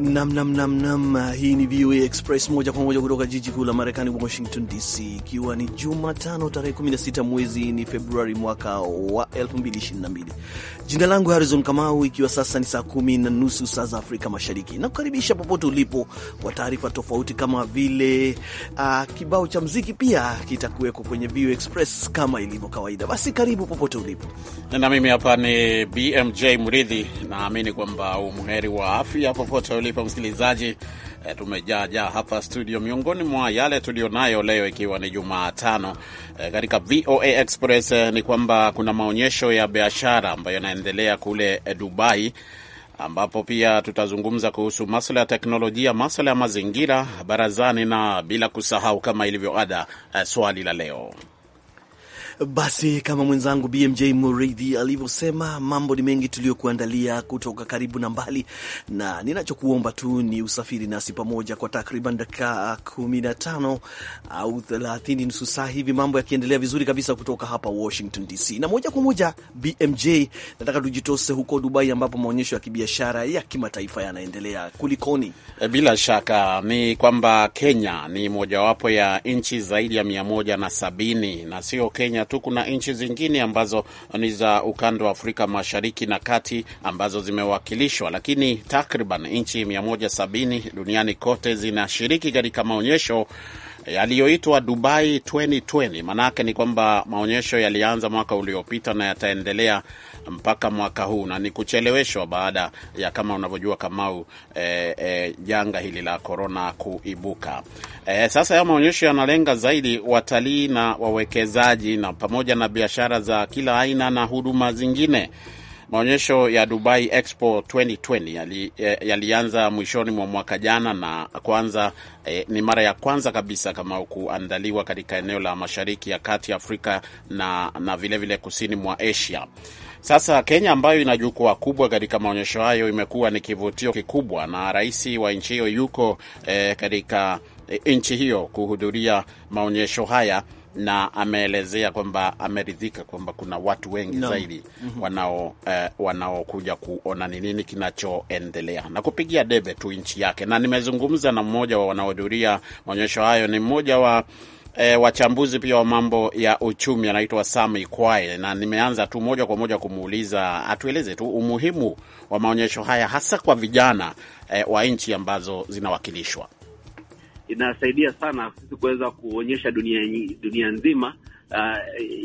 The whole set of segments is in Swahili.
Namnamnamnam nam, hii ni VOA Express moja kwa moja kutoka jiji kuu la Marekani, Washington DC, ikiwa ni Jumatano tarehe 16 mwezi ni Februari mwaka wa 2022. Jina langu Harrison Kamau, ikiwa sasa ni saa kumi na nusu saa za Afrika Mashariki, na kukaribisha popote ulipo kwa taarifa tofauti kama vile uh, kibao cha mziki pia kitakuwekwa kwenye VOA Express kama ilivyo kawaida. Basi karibu popote ulipo, na mimi hapa ni BMJ Mridhi. Naamini kwamba umheri wa afya popote ulipo unanipa msikilizaji. E, eh, tumejaajaa hapa studio, miongoni mwa yale tuliyonayo leo ikiwa ni Jumatano e, katika VOA Express e, ni kwamba kuna maonyesho ya biashara ambayo yanaendelea kule e, Dubai ambapo pia tutazungumza kuhusu maswala ya teknolojia, maswala ya mazingira barazani, na bila kusahau kama ilivyo ada, swali la leo. Basi kama mwenzangu BMJ Muridhi alivyosema, mambo ni mengi tuliyokuandalia kutoka karibu na mbali, na ninachokuomba tu ni usafiri nasi pamoja kwa takriban dakika 15 au thelathini nusu saa hivi, mambo yakiendelea vizuri kabisa kutoka hapa Washington DC. Na moja kwa moja, BMJ, nataka tujitose huko Dubai ambapo maonyesho ya kibiashara ya kimataifa yanaendelea. Kulikoni? E, bila shaka ni kwamba Kenya ni mojawapo ya nchi zaidi ya sabini na sio Kenya tu kuna nchi zingine ambazo ni za ukanda wa Afrika Mashariki na Kati ambazo zimewakilishwa, lakini takriban nchi 170 duniani kote zinashiriki katika maonyesho yaliyoitwa Dubai 2020. Maanake ni kwamba maonyesho yalianza mwaka uliopita na yataendelea mpaka mwaka huu, na ni kucheleweshwa baada ya kama unavyojua Kamau, eh, eh, janga hili la korona kuibuka. Eh, sasa ya maonyesho yanalenga zaidi watalii na wawekezaji na pamoja na biashara za kila aina na huduma zingine. Maonyesho ya Dubai Expo 2020 yali, eh, yalianza mwishoni mwa mwaka jana na kwanza eh, ni mara ya kwanza kabisa kama kuandaliwa katika eneo la Mashariki ya Kati, Afrika na na vilevile vile kusini mwa Asia. Sasa Kenya ambayo ina jukwaa kubwa katika maonyesho hayo imekuwa ni kivutio kikubwa, na rais wa nchi hiyo yuko eh, katika eh, nchi hiyo kuhudhuria maonyesho haya na ameelezea kwamba ameridhika kwamba kuna watu wengi no. zaidi mm -hmm. wanao eh, wanaokuja kuona ni nini kinachoendelea na kupigia debe tu nchi yake. Na nimezungumza na mmoja wa wanaohudhuria maonyesho hayo, ni mmoja wa E, wachambuzi pia wa mambo ya uchumi anaitwa Sam Ikwae, na nimeanza tu moja kwa moja kumuuliza atueleze tu umuhimu wa maonyesho haya hasa kwa vijana e, wa nchi ambazo zinawakilishwa inasaidia sana sisi kuweza kuonyesha dunia, dunia nzima uh,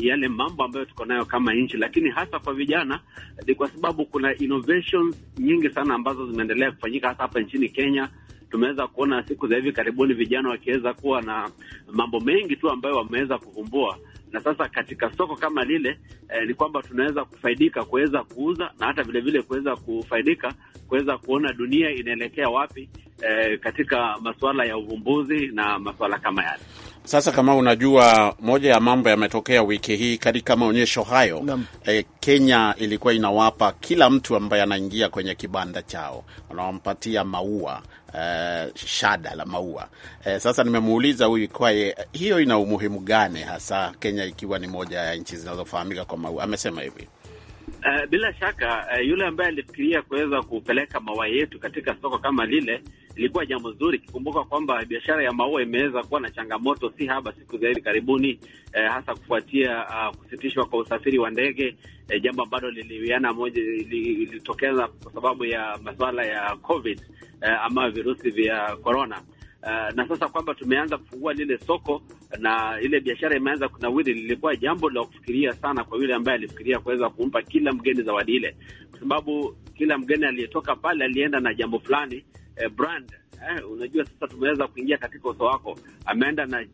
yale mambo ambayo tuko nayo kama nchi, lakini hasa kwa vijana ni kwa sababu kuna innovations nyingi sana ambazo zimeendelea kufanyika hasa hapa nchini Kenya. Tumeweza kuona siku za hivi karibuni vijana wakiweza kuwa na mambo mengi tu ambayo wameweza kuvumbua na sasa katika soko kama lile eh, ni kwamba tunaweza kufaidika kuweza kuuza na hata vilevile kuweza kufaidika kuweza kuona dunia inaelekea wapi eh, katika masuala ya uvumbuzi na masuala kama yale. Sasa kama unajua, moja ya mambo yametokea wiki hii katika maonyesho hayo e, Kenya ilikuwa inawapa kila mtu ambaye anaingia kwenye kibanda chao wanawampatia maua e, shada la maua e. Sasa nimemuuliza huyu kwaye, hiyo ina umuhimu gani hasa Kenya ikiwa ni moja ya nchi zinazofahamika kwa maua? Amesema hivi Uh, bila shaka uh, yule ambaye alifikiria kuweza kupeleka maua yetu katika soko kama lile ilikuwa jambo zuri, kikumbuka kwamba biashara ya maua imeweza kuwa na changamoto si haba siku za hivi karibuni eh, hasa kufuatia uh, kusitishwa kwa usafiri wa ndege eh, jambo ambalo liliwiana moja lilitokeza kwa sababu ya masuala ya COVID eh, ama virusi vya korona. Uh, eh, na sasa kwamba tumeanza kufungua lile soko na ile biashara imeanza kunawiri, lilikuwa jambo la kufikiria sana kwa yule ambaye alifikiria kuweza kumpa kila mgeni zawadi ile, kwa sababu kila mgeni aliyetoka pale alienda na jambo fulani eh, brand eh, unajua sasa tumeweza kuingia katika uso wako. Ameenda na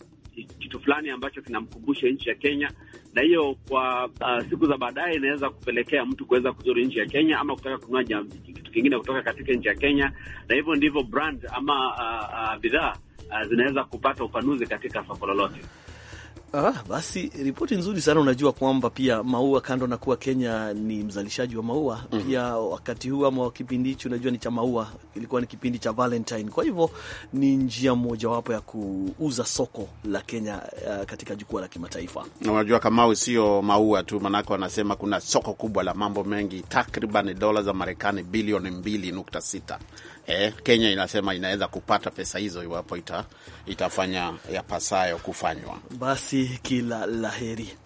kitu fulani ambacho kinamkumbusha nchi ya Kenya, na hiyo kwa uh, siku za baadaye inaweza kupelekea mtu kuweza kuzuru nchi ya Kenya ama kutaka kununua kitu kingine kutoka katika nchi ya Kenya, na hivyo ndivyo brand ama uh, uh, bidhaa uh, zinaweza kupata upanuzi katika soko lolote. Ah, basi ripoti nzuri sana. Unajua kwamba pia maua kando na kuwa Kenya ni mzalishaji wa maua mm, pia wakati huu ama kipindi hichi unajua ni cha maua, ilikuwa ni kipindi cha Valentine. Kwa hivyo ni njia mojawapo ya kuuza soko la Kenya uh, katika jukwaa la kimataifa. Unajua Kamau, sio maua tu, manake wanasema kuna soko kubwa la mambo mengi, takriban dola za Marekani bilioni mbili nukta sita eh, Kenya inasema inaweza kupata pesa hizo iwapo ita, itafanya yapasayo kufanywa. Basi kila laheri.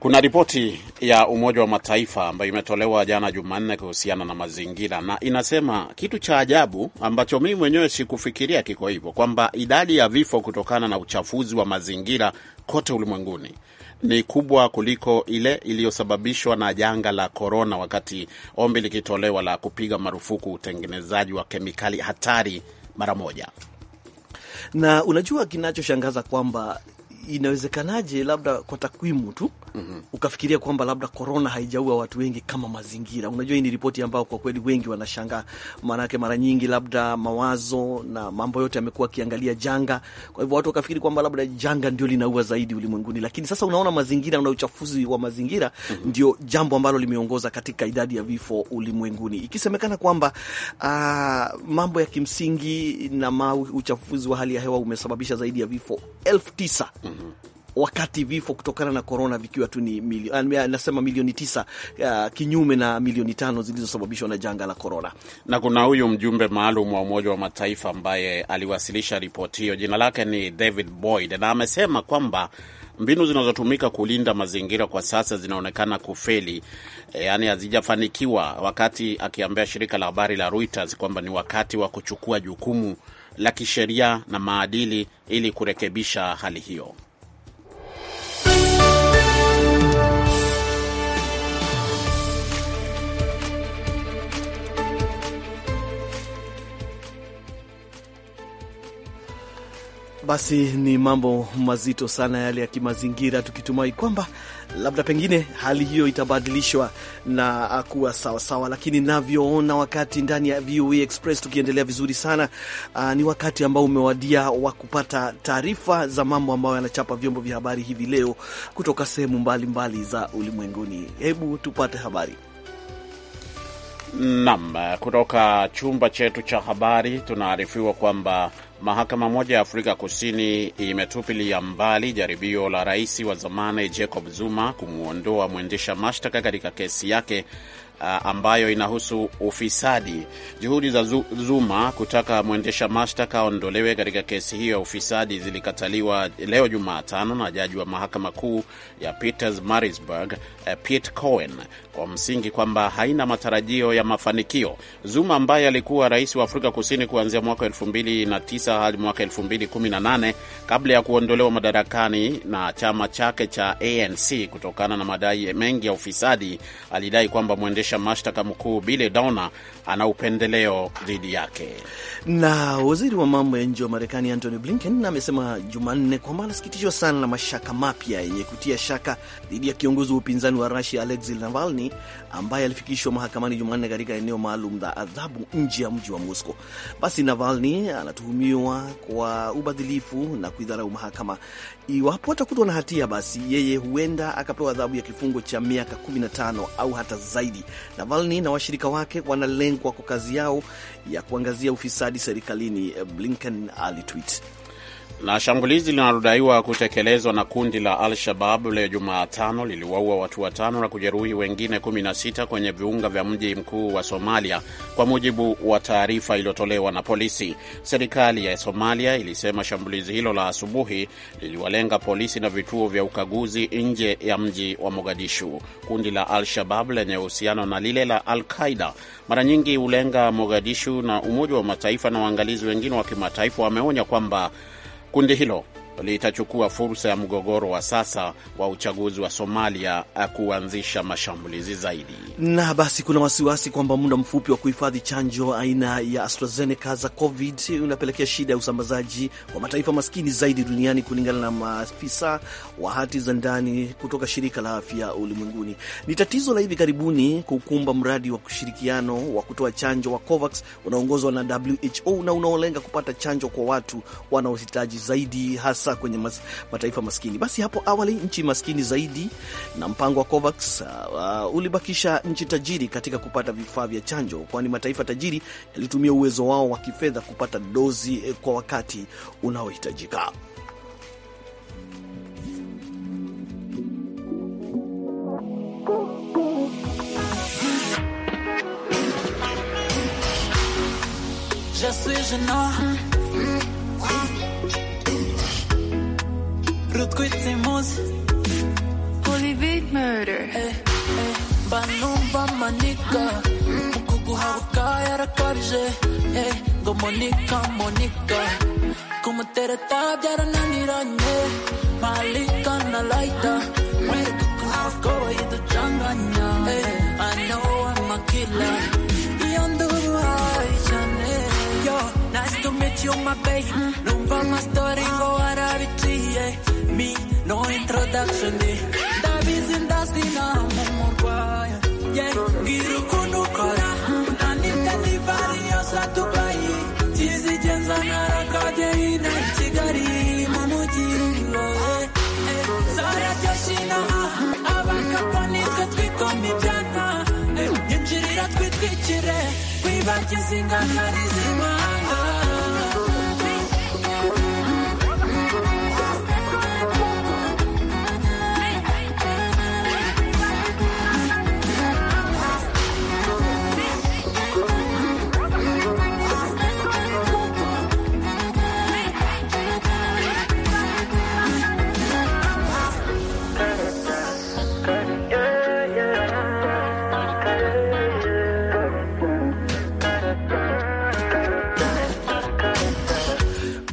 Kuna ripoti ya Umoja wa Mataifa ambayo imetolewa jana Jumanne kuhusiana na mazingira, na inasema kitu cha ajabu ambacho mimi mwenyewe sikufikiria kiko hivyo, kwamba idadi ya vifo kutokana na uchafuzi wa mazingira kote ulimwenguni ni kubwa kuliko ile iliyosababishwa na janga la korona, wakati ombi likitolewa la kupiga marufuku utengenezaji wa kemikali hatari mara moja. Na unajua kinachoshangaza kwamba inawezekanaje, labda kwa takwimu tu -hmm. ukafikiria kwamba labda korona haijaua watu wengi kama mazingira. Unajua, hii ni ripoti ambayo kwa kweli wengi wanashangaa, maanake mara nyingi labda mawazo na mambo yote yamekuwa akiangalia janga, kwa hivyo watu wakafikiri kwamba labda janga ndio linaua zaidi ulimwenguni, lakini sasa unaona mazingira na uchafuzi wa mazingira mm -hmm. ndio jambo ambalo limeongoza katika idadi ya vifo ulimwenguni, ikisemekana kwamba uh, mambo ya kimsingi na ma uchafuzi wa hali ya hewa umesababisha zaidi ya vifo elfu tisa mm -hmm wakati vifo kutokana na korona vikiwa tu ni milioni, ah, nasema milioni tisa, uh, kinyume na milioni tano zilizosababishwa na janga la korona. Na kuna huyu mjumbe maalum wa Umoja wa Mataifa ambaye aliwasilisha ripoti hiyo, jina lake ni David Boyd, na amesema kwamba mbinu zinazotumika kulinda mazingira kwa sasa zinaonekana kufeli, yaani hazijafanikiwa, wakati akiambia shirika la habari la Reuters kwamba ni wakati wa kuchukua jukumu la kisheria na maadili ili kurekebisha hali hiyo. Basi ni mambo mazito sana yale ya kimazingira, tukitumai kwamba labda pengine hali hiyo itabadilishwa na kuwa sawasawa sawa. Lakini navyoona wakati ndani ya VOA e Express tukiendelea vizuri sana aa, ah, ni wakati ambao umewadia wa kupata taarifa za mambo ambayo yanachapa vyombo vya habari hivi leo kutoka sehemu mbalimbali za ulimwenguni. Hebu tupate habari nam kutoka chumba chetu cha habari tunaarifiwa kwamba mahakama moja ya Afrika Kusini imetupilia mbali jaribio la rais wa zamani Jacob Zuma kumwondoa mwendesha mashtaka katika kesi yake Uh, ambayo inahusu ufisadi. Juhudi za Zuma kutaka mwendesha mashtaka aondolewe katika kesi hiyo ya ufisadi zilikataliwa leo Jumatano na jaji wa mahakama kuu ya uh, Piet Cohen kwa msingi kwamba haina matarajio ya mafanikio. Zuma ambaye alikuwa rais wa Afrika Kusini kuanzia mwaka 2009 hadi mwaka 2018 kabla ya kuondolewa madarakani na chama chake cha ANC kutokana na madai mengi ya ufisadi, alidai kwamba mwendesha mwendesha mashtaka mkuu Bile Downer ana upendeleo dhidi yake. Na waziri wa mambo ya nje wa Marekani Antony Blinken amesema Jumanne kwamba anasikitishwa sana na mashaka mapya yenye kutia shaka dhidi ya kiongozi wa upinzani wa Rusia Alexei Navalny ambaye alifikishwa mahakamani Jumanne katika eneo maalum la adhabu nje ya mji wa Moscow. Basi Navalny anatuhumiwa kwa ubadhilifu na kuidharau mahakama. Iwapo atakutwa na hatia, basi yeye huenda akapewa adhabu ya kifungo cha miaka 15 au hata zaidi. Navalny na washirika wake wanalenga kwako kazi yao ya kuangazia ufisadi serikalini, eh, Blinken alitweet. Na shambulizi linalodaiwa kutekelezwa na kundi la Al-Shabab leo Jumatano liliwaua watu watano na kujeruhi wengine 16 kwenye viunga vya mji mkuu wa Somalia, kwa mujibu wa taarifa iliyotolewa na polisi. Serikali ya Somalia ilisema shambulizi hilo la asubuhi liliwalenga polisi na vituo vya ukaguzi nje ya mji wa Mogadishu. Kundi la Al-Shabab lenye uhusiano na lile la Al-Qaida mara nyingi hulenga Mogadishu, na Umoja wa Mataifa na waangalizi wengine wa kimataifa wameonya kwamba kundi hilo. litachukua fursa ya mgogoro wa sasa wa uchaguzi wa Somalia eh, kuanzisha mashambulizi zaidi. Na basi kuna wasiwasi kwamba muda mfupi wa kuhifadhi chanjo aina ya AstraZeneca za COVID unapelekea shida ya usambazaji wa mataifa maskini zaidi duniani, kulingana na maafisa wa hati za ndani kutoka shirika la afya ulimwenguni. Ni tatizo la hivi karibuni kukumba mradi wa ushirikiano wa kutoa chanjo wa COVAX unaongozwa na WHO na unaolenga kupata chanjo kwa watu wanaohitaji zaidi hasa hasa kwenye mas, mataifa maskini. Basi hapo awali nchi maskini zaidi na mpango wa COVAX uh, uh, ulibakisha nchi tajiri katika kupata vifaa vya chanjo, kwani mataifa tajiri yalitumia uwezo wao wa kifedha kupata dozi eh, kwa wakati unaohitajika. Je suis Bloed kwit emotie. Holy big murder. Hey, eh, hey. Banumba manika. Mkuku hawaka ya rakarje. Hey, eh, go Monica, Monica. Como tere tab yara nani ranye. Malika na laita. Mwere kuku hawaka wa yidu janganya. Hey, I know I'm a killer. Yondu hai jane. Yo, nice to meet you my babe. Lumba mas toringo arabichi, yeah me, no introduction day. Eh. That is in that's the number Yeah, Giru Kunu Kora, and in the Livario Satukai, Tizi Jenzana Kaje in Chigari, Mamuji, Sara eh. eh, Joshina, Avakaponi, Katwikomi Jana, Injiri Ratwit Vichire, Vivachi Singa Karizima.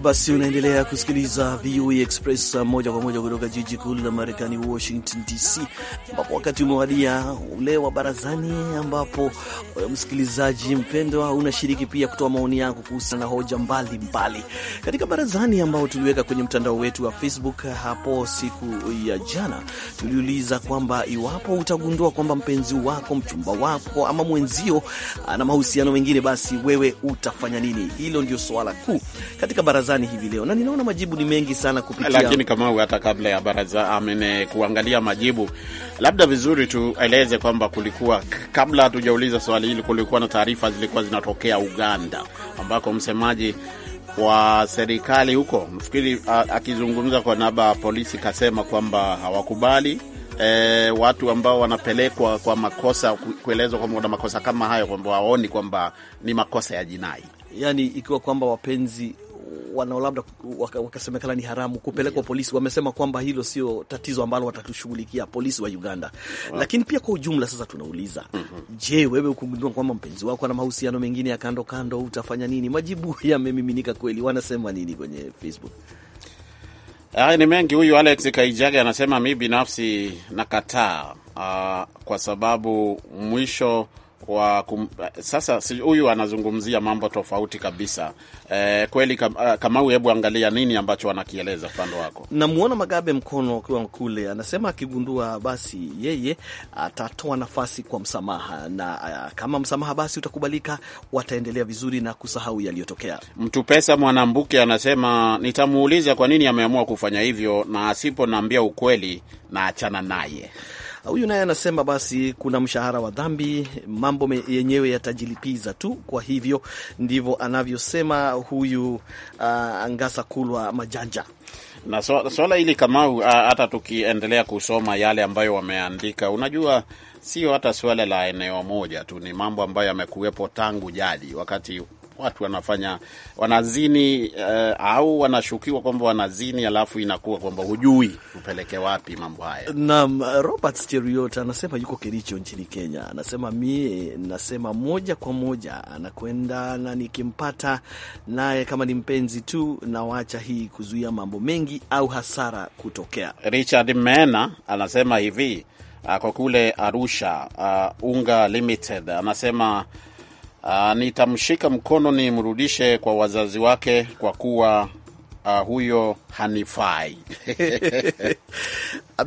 basi unaendelea kusikiliza VOA Express moja kwa moja kutoka jiji kuu la Marekani, Washington DC, ambapo wakati umewadia ule wa barazani, ambapo eh, msikilizaji mpendwa unashiriki pia kutoa maoni yako kuhusiana na hoja mbalimbali mbali katika barazani ambao tuliweka kwenye mtandao wetu wa Facebook hapo siku ya jana. Tuliuliza kwamba iwapo utagundua kwamba mpenzi wako, mchumba wako, ama mwenzio ana mahusiano mengine, basi wewe utafanya nini? Hilo ndio swala kuu katika barazani gani hivi leo, na ninaona majibu ni mengi sana kupitia. Lakini Kamau, hata kabla ya baraza amene ah, kuangalia majibu, labda vizuri tueleze kwamba kulikuwa, kabla hatujauliza swali hili, kulikuwa na taarifa zilikuwa zinatokea Uganda ambako msemaji wa serikali huko mfikiri akizungumza kwa naba polisi kasema kwamba hawakubali e, watu ambao wanapelekwa kwa makosa kuelezwa kwamba wana makosa kama hayo, kwamba waoni kwamba ni makosa ya jinai, yani ikiwa kwamba wapenzi wanao labda wakasemekana ni haramu kupelekwa yeah. Polisi wamesema kwamba hilo sio tatizo ambalo watatushughulikia polisi wa Uganda wow. Lakini pia kwa ujumla sasa tunauliza mm -hmm. Je, wewe ukugundua kwamba mpenzi wako ana mahusiano mengine ya kando kando utafanya nini? Majibu yamemiminika kweli. Wanasema nini kwenye Facebook? Ay, ni mengi. Huyu Alex Kaijage anasema mi binafsi nakataa, uh, kwa sababu mwisho wa kum, sasa huyu anazungumzia mambo tofauti kabisa e, kweli kam, ah, Kamau, hebu angalia nini ambacho anakieleza upande wako. Namwona Magabe Mkono akiwa kule, anasema akigundua, basi yeye atatoa nafasi kwa msamaha, na ah, kama msamaha basi utakubalika, wataendelea vizuri na kusahau yaliyotokea. Mtu Pesa Mwanambuke anasema nitamuuliza kwa nini ameamua kufanya hivyo, na asiponambia ukweli na achana naye. Huyu naye anasema basi kuna mshahara wa dhambi, mambo yenyewe yatajilipiza tu. Kwa hivyo ndivyo anavyosema huyu uh, Ngasa Kulwa Majanja na swala so, hili Kamau, uh, hata tukiendelea kusoma yale ambayo wameandika, unajua sio hata suala la eneo moja tu, ni mambo ambayo yamekuwepo tangu jadi, wakati watu wanafanya wanazini uh, au wanashukiwa kwamba wanazini, alafu inakuwa kwamba hujui upeleke wapi mambo haya. Naam, Robert Cheriot anasema yuko Kericho nchini Kenya, anasema mie nasema moja kwa moja anakwenda na nikimpata naye kama ni mpenzi tu nawacha hii kuzuia mambo mengi au hasara kutokea. Richard Mena anasema hivi ako kule Arusha, uh, Unga Limited anasema Ah, nitamshika mkono nimrudishe kwa wazazi wake kwa kuwa uh, huyo hanifai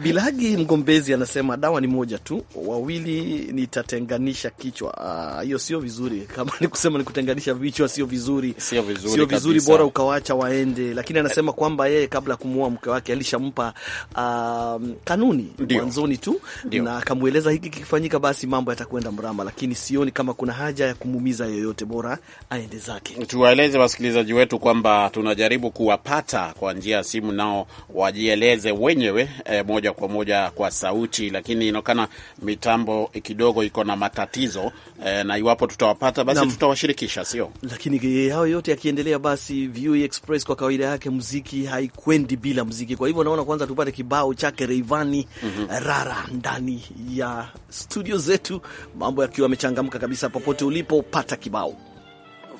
Bilagi mgombezi anasema dawa ni moja tu, wawili nitatenganisha kichwa. Ah, hiyo uh, sio vizuri, kama ni kusema ni kutenganisha vichwa, sio vizuri, sio vizuri, sio vizuri, bora ukawacha waende. Lakini anasema kwamba yeye kabla ya kumuoa mke wake alishampa uh, kanuni mwanzoni tu Dio, na akamweleza hiki kikifanyika, basi mambo yatakwenda mrama, lakini sioni kama kuna haja ya kumumiza yoyote, bora aende zake. Tuwaeleze wasikilizaji wetu kwamba tunajaribu kuwapa kuwapata kwa njia ya simu, nao wajieleze wenyewe e, moja kwa moja kwa sauti, lakini inaonekana mitambo kidogo iko na matatizo e, na iwapo tutawapata basi tutawashirikisha, sio lakini hayo yote yakiendelea, basi VOA Express kwa kawaida yake muziki haikwendi bila muziki. Kwa hivyo naona kwanza tupate kibao chake Reivani mm -hmm. Rara ndani ya studio zetu, mambo yakiwa yamechangamka kabisa. Popote ulipopata kibao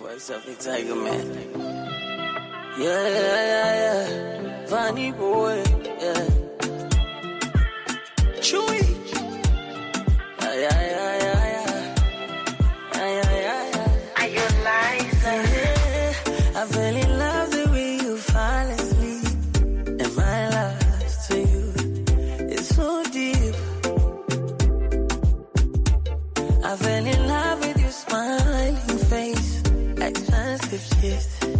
Voice of the Tiger Man. Yeah, yeah, yeah. Funny boy. Yeah. Chewy. Yeah, yeah, yeah, yeah, yeah. Yeah, yeah, Are you Yeah. I fell in love the way you fall asleep. to you so deep. I fell in love with your smiling face. Expensive gift.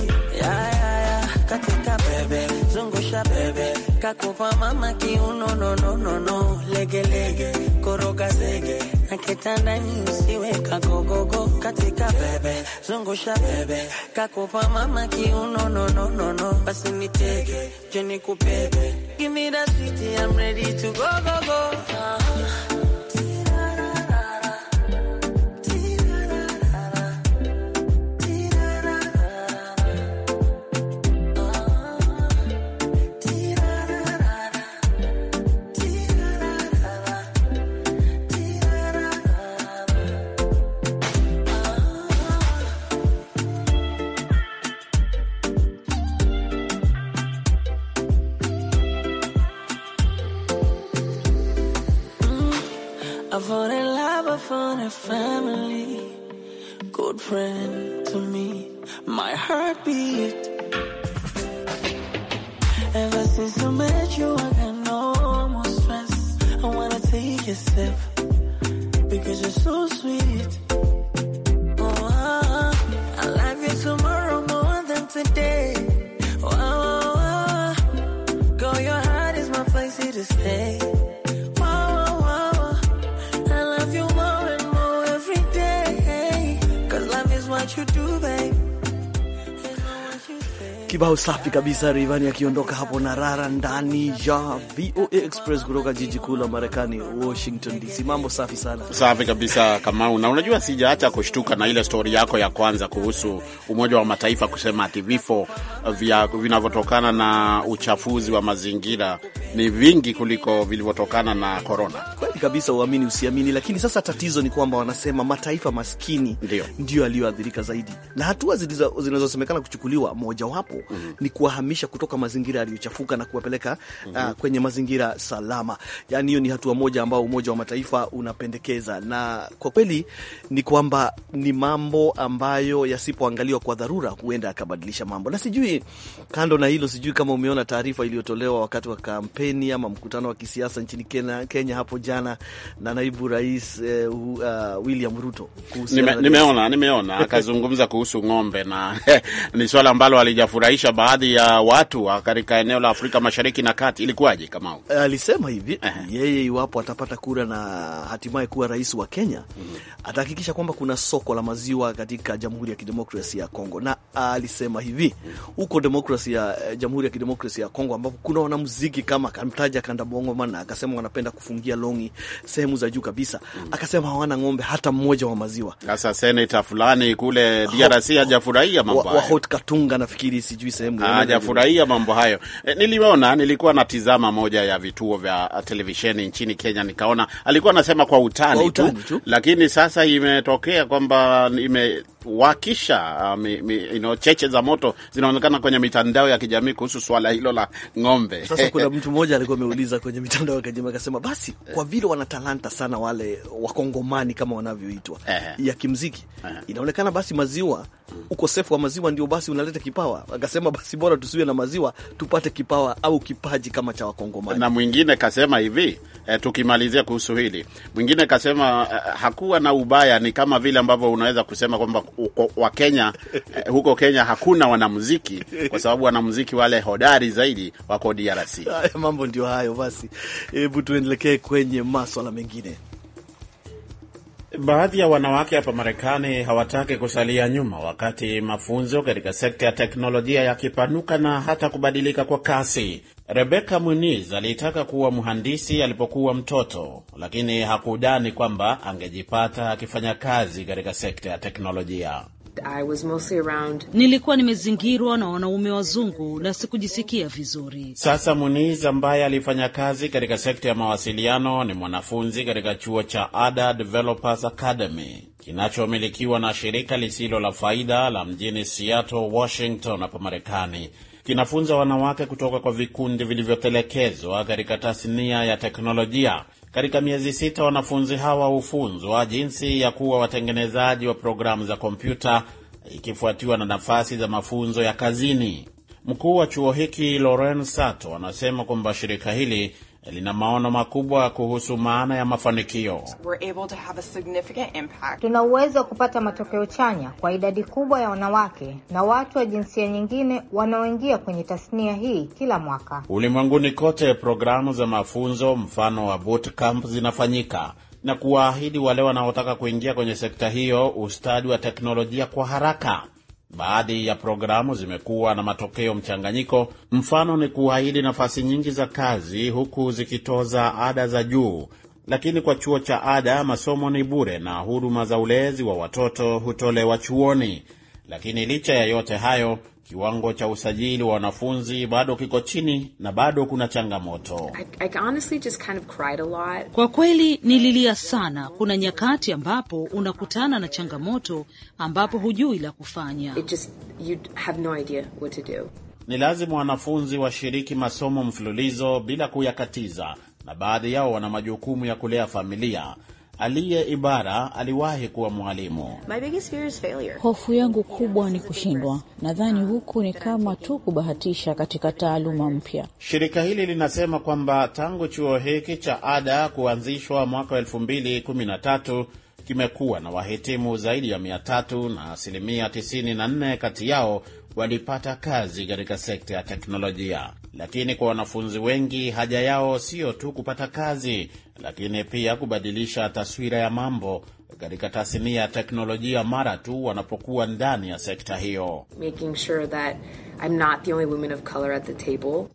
Napenda kuvaa mama kiuno, no, no, no, no. Lege, lege, koroga zege na kitandani usiwe kagogogo katika bebe zungusha bebe kakuvaa mama kiuno, no, no, no, no. Basi nitege jeni kupebe give me that sweet, I'm ready to go, go, go. beat. Ever since I met you, I got no more stress. I wanna take a sip because you're so sweet. Oh, I, love you tomorrow more than today. Oh, oh, oh. Girl, your heart is my place here to stay. you do, babe. Kibao safi kabisa, Rivani akiondoka hapo na rara ndani ya VOA Express kutoka jiji kuu la Marekani, Washington DC. Mambo safi sana, safi kabisa Kamau. Na unajua, sijaacha kushtuka na ile stori yako ya kwanza kuhusu Umoja wa Mataifa kusema ati vifo vinavyotokana na uchafuzi wa mazingira ni vingi kuliko vilivyotokana na korona. Kweli kabisa, uamini usiamini. Lakini sasa tatizo ni kwamba wanasema mataifa maskini ndio ndio yaliyoathirika zaidi, na hatua zinazosemekana kuchukuliwa mojawapo mm -hmm. ni kuwahamisha kutoka mazingira yaliyochafuka na kuwapeleka mm -hmm. uh, kwenye mazingira salama. Yaani hiyo ni hatua moja ambayo Umoja wa Mataifa unapendekeza, na kwa kweli ni kwamba ni mambo ambayo yasipoangaliwa kwa dharura huenda yakabadilisha mambo, na sijui kando na hilo, sijui kama umeona taarifa iliyotolewa wakati wa kampeni kampeni ama mkutano wa kisiasa nchini Kenya, Kenya hapo jana na naibu rais uh, uh, William Ruto. Nime, nimeona nimeona akazungumza kuhusu ng'ombe na ni swala ambalo alijafurahisha baadhi ya watu ah, katika eneo la Afrika Mashariki na Kati. Ilikuwaje kama Alisema uh, hivi yeye iwapo atapata kura na hatimaye kuwa rais wa Kenya mhm. atahakikisha kwamba kuna soko la maziwa katika Jamhuri ya Kidemokrasia ya Kongo na alisema hivi mhm. huko demokrasia, eh, Jamhuri ya Kidemokrasia ya Kongo ambapo kuna wanamuziki kama akamtaja kanda bongo maana akasema wanapenda kufungia longi sehemu za juu kabisa mm. Akasema hawana ng'ombe hata mmoja wa maziwa. Sasa seneta fulani kule DRC hajafurahia mambo hayo, wa hot Katunga nafikiri, sijui sehemu hajafurahia mambo hayo. E, niliona nilikuwa natizama moja ya vituo vya televisheni nchini Kenya, nikaona alikuwa anasema kwa utani, kwa utani tu, tu, lakini sasa imetokea kwamba ime wakisha uh, mi, mi, cheche za moto zinaonekana kwenye mitandao ya kijamii kuhusu swala hilo la ng'ombe. Sasa kuna mtu mmoja alikuwa ameuliza kwenye mitandao ya kijamii akasema, basi kwa vile wana talanta sana wale Wakongomani kama wanavyoitwa ya kimziki, inaonekana basi maziwa ukosefu wa maziwa ndio basi unaleta kipawa. Akasema basi bora tusiwe na maziwa tupate kipawa au kipaji kama cha Wakongomani. Na mwingine kasema hivi eh, tukimalizia kuhusu hili, mwingine kasema eh, hakuwa na ubaya, ni kama vile ambavyo unaweza kusema kwamba Wakenya eh, huko Kenya hakuna wanamuziki, kwa sababu wanamuziki wale hodari zaidi wako DRC. Mambo ndio hayo basi. Hebu tuendelekee kwenye maswala mengine. Baadhi ya wanawake hapa Marekani hawataki kusalia nyuma wakati mafunzo katika sekta ya teknolojia yakipanuka na hata kubadilika kwa kasi. Rebeka Muniz alitaka kuwa mhandisi alipokuwa mtoto, lakini hakudani kwamba angejipata akifanya kazi katika sekta ya teknolojia. I was mostly around... nilikuwa nimezingirwa na wanaume wazungu na sikujisikia vizuri. Sasa Muniz ambaye alifanya kazi katika sekta ya mawasiliano ni mwanafunzi katika chuo cha Ada Developers Academy kinachomilikiwa na shirika lisilo la faida la mjini Seattle, Washington hapa Marekani. Kinafunza wanawake kutoka kwa vikundi vilivyotelekezwa katika tasnia ya teknolojia katika miezi sita wanafunzi hawa hufunzwa jinsi ya kuwa watengenezaji wa programu za kompyuta, ikifuatiwa na nafasi za mafunzo ya kazini. Mkuu wa chuo hiki Loren Sato anasema kwamba shirika hili lina maono makubwa kuhusu maana ya mafanikio. Tuna uwezo wa kupata matokeo chanya kwa idadi kubwa ya wanawake na watu wa jinsia nyingine wanaoingia kwenye tasnia hii kila mwaka. Ulimwenguni kote, programu za mafunzo mfano wa bootcamp zinafanyika na kuwaahidi wale wanaotaka kuingia kwenye sekta hiyo ustadi wa teknolojia kwa haraka. Baadhi ya programu zimekuwa na matokeo mchanganyiko. Mfano ni kuahidi nafasi nyingi za kazi huku zikitoza ada za juu, lakini kwa chuo cha ada masomo ni bure na huduma za ulezi wa watoto hutolewa chuoni. Lakini licha ya yote hayo, kiwango cha usajili wa wanafunzi bado kiko chini na bado kuna changamoto. I, I just kind of cried a lot. Kwa kweli nililia sana. Kuna nyakati ambapo unakutana na changamoto ambapo hujui la kufanya. It just, you have no idea what to do. Ni lazima wanafunzi washiriki masomo mfululizo bila kuyakatiza, na baadhi yao wana majukumu ya kulea familia. Aliye Ibara aliwahi kuwa mwalimu. Hofu yangu kubwa ni kushindwa. Nadhani huku ni kama tu kubahatisha katika taaluma mpya. Shirika hili linasema kwamba tangu chuo hiki cha ada kuanzishwa mwaka 213 kimekuwa na wahitimu zaidi ya 3 na asilimia 94 kati yao walipata kazi katika sekta ya teknolojia. Lakini kwa wanafunzi wengi, haja yao siyo tu kupata kazi, lakini pia kubadilisha taswira ya mambo katika tasnia ya teknolojia mara tu wanapokuwa ndani ya sekta hiyo, sure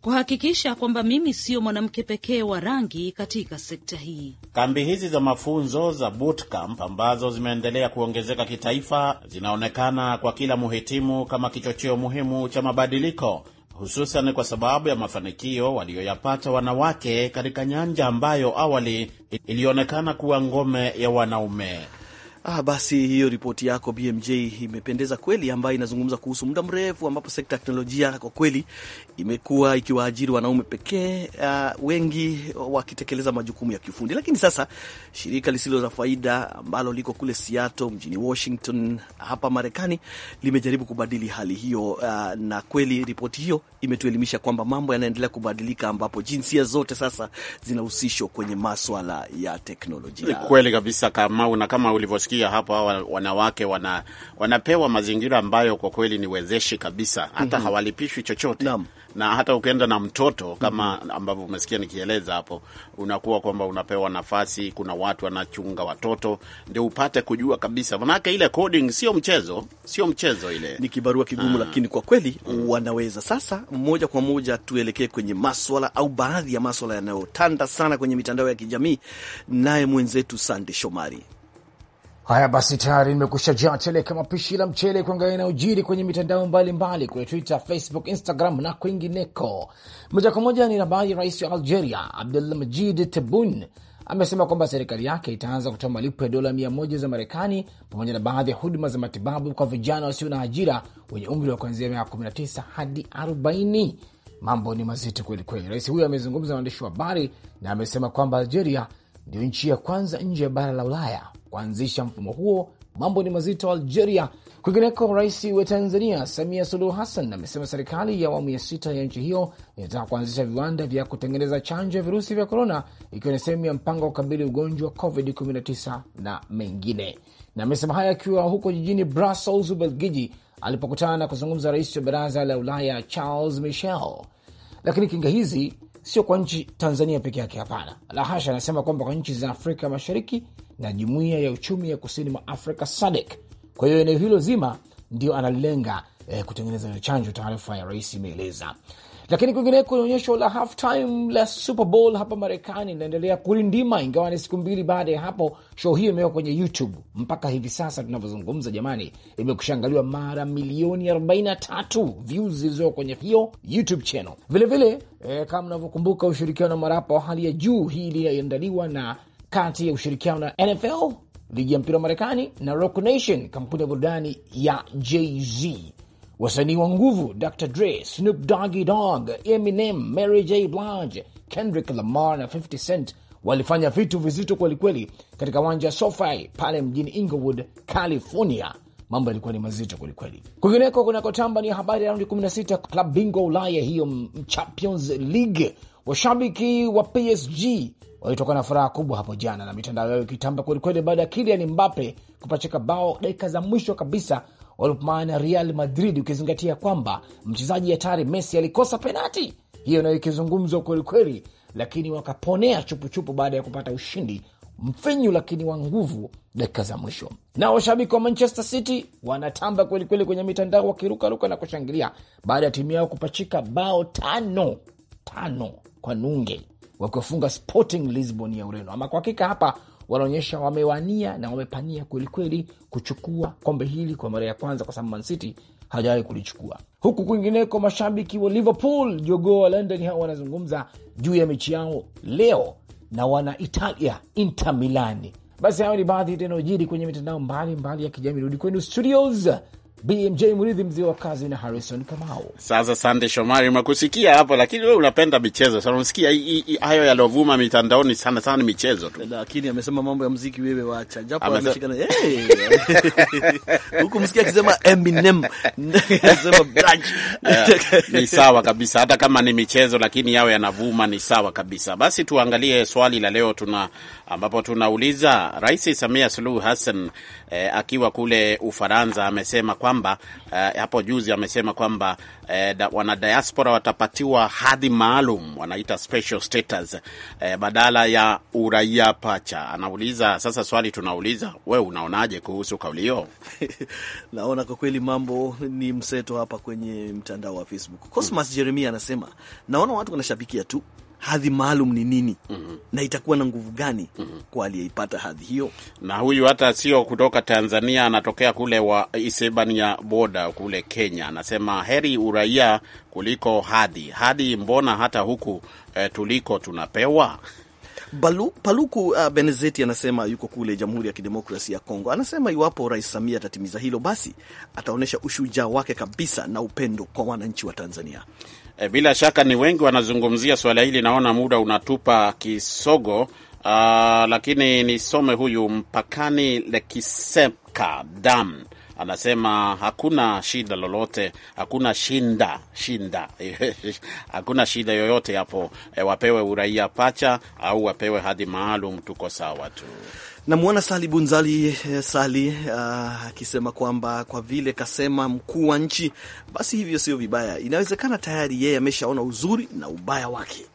kuhakikisha kwamba mimi siyo mwanamke pekee wa rangi katika sekta hii. Kambi hizi za mafunzo za bootcamp ambazo zimeendelea kuongezeka kitaifa zinaonekana kwa kila muhitimu kama kichocheo muhimu cha mabadiliko hususan kwa sababu ya mafanikio waliyoyapata wanawake katika nyanja ambayo awali ilionekana kuwa ngome ya wanaume. Ah, basi hiyo ripoti yako BMJ imependeza kweli, ambayo inazungumza kuhusu muda mrefu ambapo sekta ya teknolojia kwa kweli imekuwa ikiwaajiri wanaume pekee, uh, wengi wakitekeleza majukumu ya kiufundi. Lakini sasa shirika lisilo la faida ambalo liko kule Seattle mjini Washington hapa Marekani limejaribu kubadili hali hiyo, uh, na kweli ripoti hiyo imetuelimisha kwamba mambo yanaendelea kubadilika, ambapo jinsia zote sasa zinahusishwa kwenye maswala ya teknolojia. Kweli kabisa, kama, una, kama ulivyosikia umesikia hapo, hawa wanawake wana, wanapewa mazingira ambayo kwa kweli ni wezeshi kabisa, hata mm -hmm. hawalipishwi chochote Naam. na hata ukienda na mtoto mhm. kama ambavyo umesikia nikieleza hapo, unakuwa kwamba unapewa nafasi, kuna watu wanachunga watoto ndio upate kujua kabisa, manake ile coding sio mchezo, sio mchezo, ile ni kibarua kigumu, ah. lakini kwa kweli mm. wanaweza. Sasa moja kwa moja tuelekee kwenye maswala au baadhi ya maswala yanayotanda sana kwenye mitandao ya kijamii, naye mwenzetu Sande Shomari Haya basi, tayari nimekusha jaa tele kama pishi la mchele kuangalia inayojiri kwenye mitandao mbalimbali, kwenye Twitter, Facebook, Instagram na kwingineko. Moja kwa moja ni habari. Rais wa Algeria Majid Tebboune amesema kwamba serikali yake itaanza kutoa malipo ya dola mia moja za Marekani pamoja na baadhi ya huduma za matibabu kwa vijana wasio na ajira wenye umri wa kuanzia miaka 19 hadi 40. Mambo ni mazito kwelikweli. Rais huyo amezungumza na waandishi wa habari na amesema kwamba Algeria ndio nchi ya kwanza nje ya bara la Ulaya kuanzisha mfumo huo. Mambo ni mazito Algeria. Kwingineko, rais wa Tanzania Samia Suluhu Hassan amesema serikali ya awamu ya sita ya nchi hiyo inataka kuanzisha viwanda vya kutengeneza chanjo ya virusi vya korona, ikiwa ni sehemu ya mpango wa kukabili ugonjwa wa COVID-19 na mengine. Na amesema haya akiwa huko jijini Brussels, Ubelgiji, alipokutana na kuzungumza rais wa baraza la Ulaya Charles Michel. Lakini kinga hizi sio kwa nchi Tanzania peke yake, hapana la hasha. Anasema kwamba kwa nchi za Afrika Mashariki na jumuiya ya uchumi ya kusini mwa Afrika SADC. Kwa hiyo eneo hilo zima ndio analilenga eh, kutengeneza hiyo chanjo, taarifa ya rais imeeleza. Lakini kwingineko, onyesho la halftime la Super Bowl hapa Marekani linaendelea kurindima, ingawa ni siku mbili baada ya hapo. Show hiyo imewekwa kwenye YouTube mpaka hivi sasa tunavyozungumza, jamani, imekushangaliwa mara milioni 43 views zilizo kwenye hiyo YouTube channel. Vilevile eh, kama mnavyokumbuka, ushirikiano wa marapa wa hali ya juu hii iliyoandaliwa na kati ya ushirikiano na NFL, ligi ya mpira wa Marekani na Rock Nation, kampuni ya burudani ya Jay-Z. Wasanii wa nguvu Dr Dre, Snoop Doggy Dogg, Eminem, Mary J Blige, Kendrick Lamar na 50 Cent walifanya vitu vizito kwelikweli katika uwanja wa SoFi pale mjini Inglewood, California. Mambo yalikuwa ni mazito kwelikweli. Kwingineko kunakotamba ni habari ya raundi 16 klabu bingwa Ulaya, hiyo Champions League. Washabiki wa PSG walitoka na furaha kubwa hapo jana na mitandao yao ikitamba kwelikweli baada ya Kylian Mbappe kupachika bao dakika za mwisho kabisa walipomaana Real Madrid, ukizingatia kwamba mchezaji hatari Messi alikosa penati hiyo nayo ikizungumzwa kwelikweli, lakini wakaponea chupuchupu baada ya kupata ushindi mfinyu lakini wa nguvu dakika za mwisho. Na washabiki wa Manchester City wanatamba kwelikweli kwenye mitandao wakirukaruka na kushangilia baada ya timu yao kupachika bao tano tano kwa nunge wakiwafunga Sporting Lisbon ya Ureno. Ama kwa hakika hapa wanaonyesha wamewania na wamepania kwelikweli kuchukua kombe hili kwa mara ya kwanza, kwa sababu Man City hajawahi kulichukua. Huku kwingineko, mashabiki wa Liverpool, jogoo wa London, hao wanazungumza juu ya mechi yao leo na wana Italia Inter Milani. Basi hayo ni baadhi yanayojiri kwenye mitandao mbalimbali ya kijamii. Rudi kwenu studios, BMJ Mridhi, mzee wa kazi, na Harrison Kamau. Sasa sande Shomari, umekusikia hapo, lakini we unapenda michezo sana. Unasikia hayo yaliovuma mitandaoni sana sana, ni michezo tu, lakini amesema mambo ya mziki wewe waacha, japo ameshikana hey. huku msikia akisema Eminem sema branch eh, ni sawa kabisa, hata kama ni michezo, lakini yao yanavuma, ni sawa kabisa. Basi tuangalie swali la leo tuna ambapo tunauliza Rais Samia Suluhu Hassan eh, akiwa kule Ufaransa amesema kwa kwamba uh, hapo juzi amesema kwamba uh, da, wanadiaspora watapatiwa hadhi maalum wanaita special status uh, badala ya uraia pacha. Anauliza sasa swali tunauliza, we unaonaje kuhusu kauli hiyo? Naona kwa kweli mambo ni mseto hapa kwenye mtandao wa Facebook. Cosmas hmm, Jeremia anasema naona watu wanashabikia tu hadhi maalum ni nini mm -hmm. na itakuwa na nguvu gani mm -hmm. kwa aliyeipata hadhi hiyo. Na huyu hata sio kutoka Tanzania, anatokea kule wa Isebania boda kule Kenya, anasema heri uraia kuliko hadhi. Hadhi mbona hata huku eh, tuliko tunapewa Balu, Paluku uh, Benezeti anasema yuko kule Jamhuri ya Kidemokrasia ya Kongo. Anasema iwapo Rais Samia atatimiza hilo, basi ataonyesha ushujaa wake kabisa na upendo kwa wananchi wa Tanzania. E, bila shaka ni wengi wanazungumzia swala hili, naona muda unatupa kisogo. Uh, lakini nisome huyu mpakani lekiseka dam anasema hakuna shida lolote, hakuna shinda shinda hakuna shida yoyote hapo. E, wapewe uraia pacha au wapewe hadhi maalum, tuko sawa tu. Namwona Sali Bunzali eh, Sali ah, akisema uh, kwamba kwa vile kasema mkuu wa nchi, basi hivyo sio vibaya. Inawezekana tayari yeye ameshaona uzuri na ubaya wake.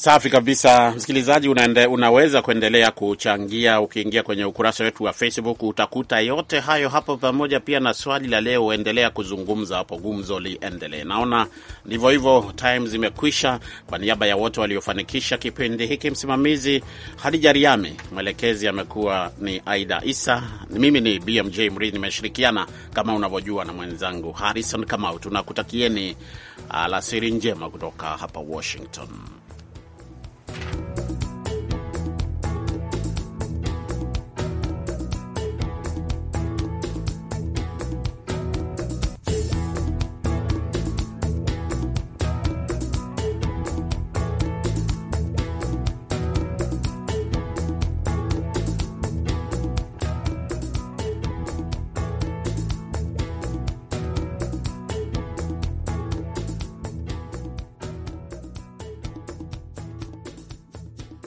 Safi kabisa, msikilizaji, unaende, unaweza kuendelea kuchangia ukiingia kwenye ukurasa wetu wa Facebook. Utakuta yote hayo hapo, pamoja pia na swali la leo. Uendelea kuzungumza hapo, gumzo liendelee. Naona ndivyo hivyo, time zimekwisha. Kwa niaba ya wote waliofanikisha kipindi hiki, msimamizi Hadija Riami, mwelekezi amekuwa ni Aida Isa, mimi ni BMJ Mridhi, nimeshirikiana kama unavyojua na mwenzangu Harrison Kamau. Tunakutakieni alasiri njema kutoka hapa Washington.